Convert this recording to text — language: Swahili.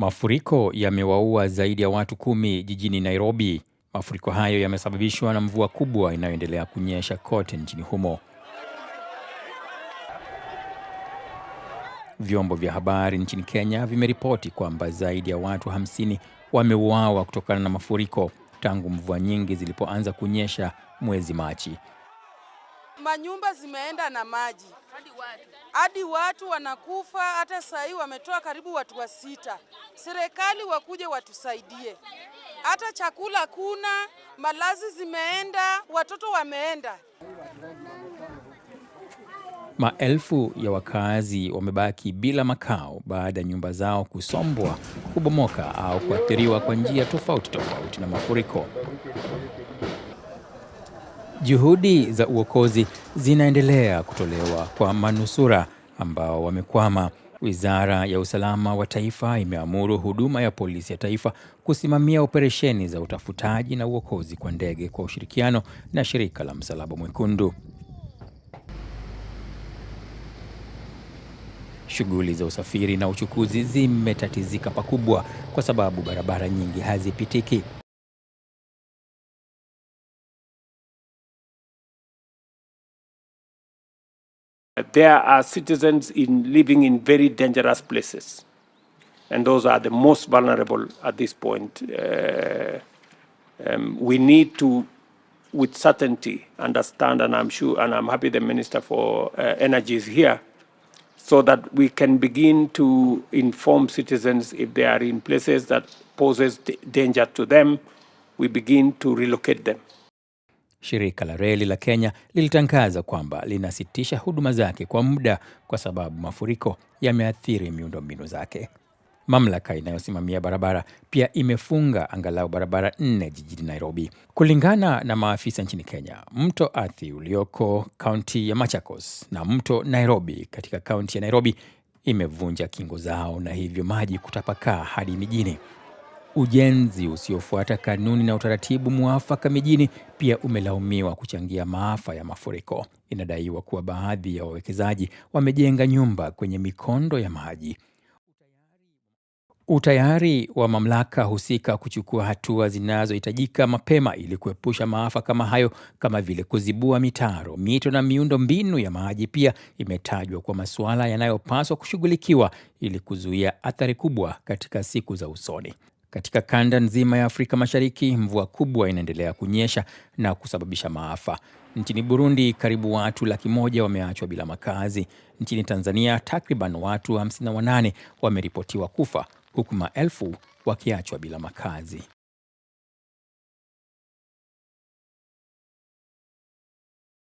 Mafuriko yamewaua zaidi ya watu kumi jijini Nairobi. Mafuriko hayo yamesababishwa na mvua kubwa inayoendelea kunyesha kote nchini humo. Vyombo vya habari nchini Kenya vimeripoti kwamba zaidi ya watu hamsini wameuawa kutokana na mafuriko tangu mvua nyingi zilipoanza kunyesha mwezi Machi manyumba zimeenda na maji hadi watu wanakufa. Hata saa hii wametoa karibu watu wa sita. Serikali wakuje watusaidie, hata chakula kuna, malazi zimeenda, watoto wameenda. Maelfu ya wakazi wamebaki bila makao baada ya nyumba zao kusombwa, kubomoka au kuathiriwa kwa njia tofauti tofauti na mafuriko. Juhudi za uokozi zinaendelea kutolewa kwa manusura ambao wamekwama. Wizara ya Usalama wa Taifa imeamuru huduma ya polisi ya taifa kusimamia operesheni za utafutaji na uokozi kwa ndege kwa ushirikiano na shirika la Msalaba Mwekundu. Shughuli za usafiri na uchukuzi zimetatizika pakubwa kwa sababu barabara nyingi hazipitiki. there are citizens in, living in very dangerous places. And those are the most vulnerable at this point. Uh, um, we need to, with certainty, understand, and I'm sure, and I'm happy the Minister for uh, Energy is here, so that we can begin to inform citizens if they are in places that poses danger to them, we begin to relocate them. Shirika la reli la Kenya lilitangaza kwamba linasitisha huduma zake kwa muda kwa sababu mafuriko yameathiri miundombinu zake. Mamlaka inayosimamia barabara pia imefunga angalau barabara nne jijini Nairobi. Kulingana na maafisa nchini Kenya, mto Athi ulioko kaunti ya Machakos na mto Nairobi katika kaunti ya Nairobi imevunja kingo zao na hivyo maji kutapakaa hadi mijini. Ujenzi usiofuata kanuni na utaratibu mwafaka mijini pia umelaumiwa kuchangia maafa ya mafuriko. Inadaiwa kuwa baadhi ya wawekezaji wamejenga nyumba kwenye mikondo ya maji. Utayari wa mamlaka husika kuchukua hatua zinazohitajika mapema ili kuepusha maafa kama hayo, kama vile kuzibua mitaro, mito na miundo mbinu ya maji, pia imetajwa kwa masuala yanayopaswa kushughulikiwa ili kuzuia athari kubwa katika siku za usoni. Katika kanda nzima ya Afrika Mashariki, mvua kubwa inaendelea kunyesha na kusababisha maafa. Nchini Burundi, karibu watu laki moja wameachwa bila makazi. Nchini Tanzania, takriban watu 58 wameripotiwa kufa huku maelfu wakiachwa bila makazi.